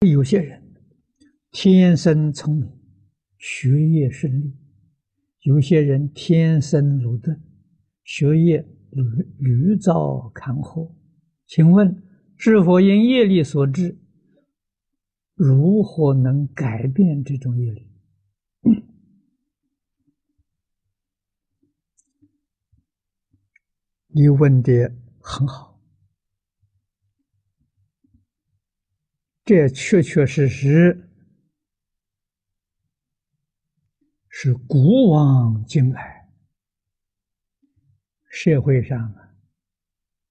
有些人天生聰明，學業順利；有些人天生魯鈍，學業屢屢遭坎坷。請問是否因業力所致？如何能改變這種業力？嗯，你問的很好。這確確實實是古往今來社會上啊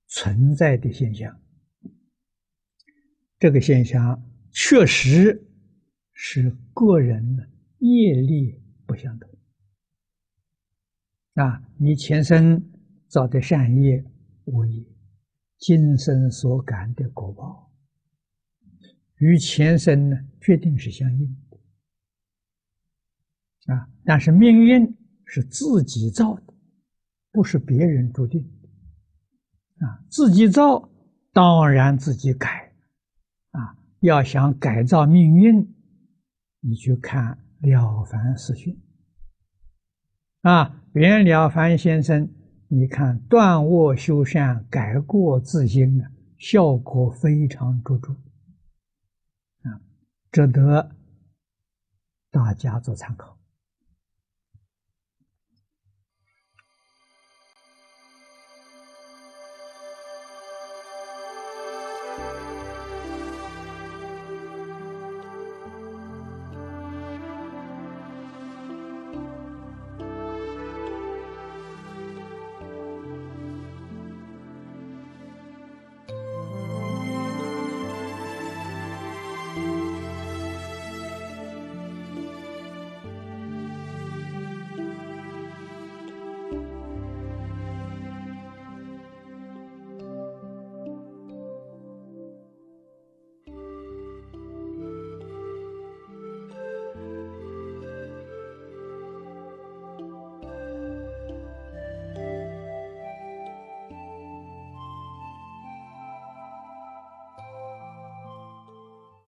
存在的現象。這個現象確實是個人的業力不相同。啊，你前生造的善業、惡業，今生所感的果報。與前生呢，確定是相應的啊。但是命運是自己造的，不是別人注定的啊。自己造，當然自己改啊。要想改造命運，你去看了凡四訓啊。袁了凡先生，你看斷惡修善、改過自新啊，效果非常卓著。值得大家做參考。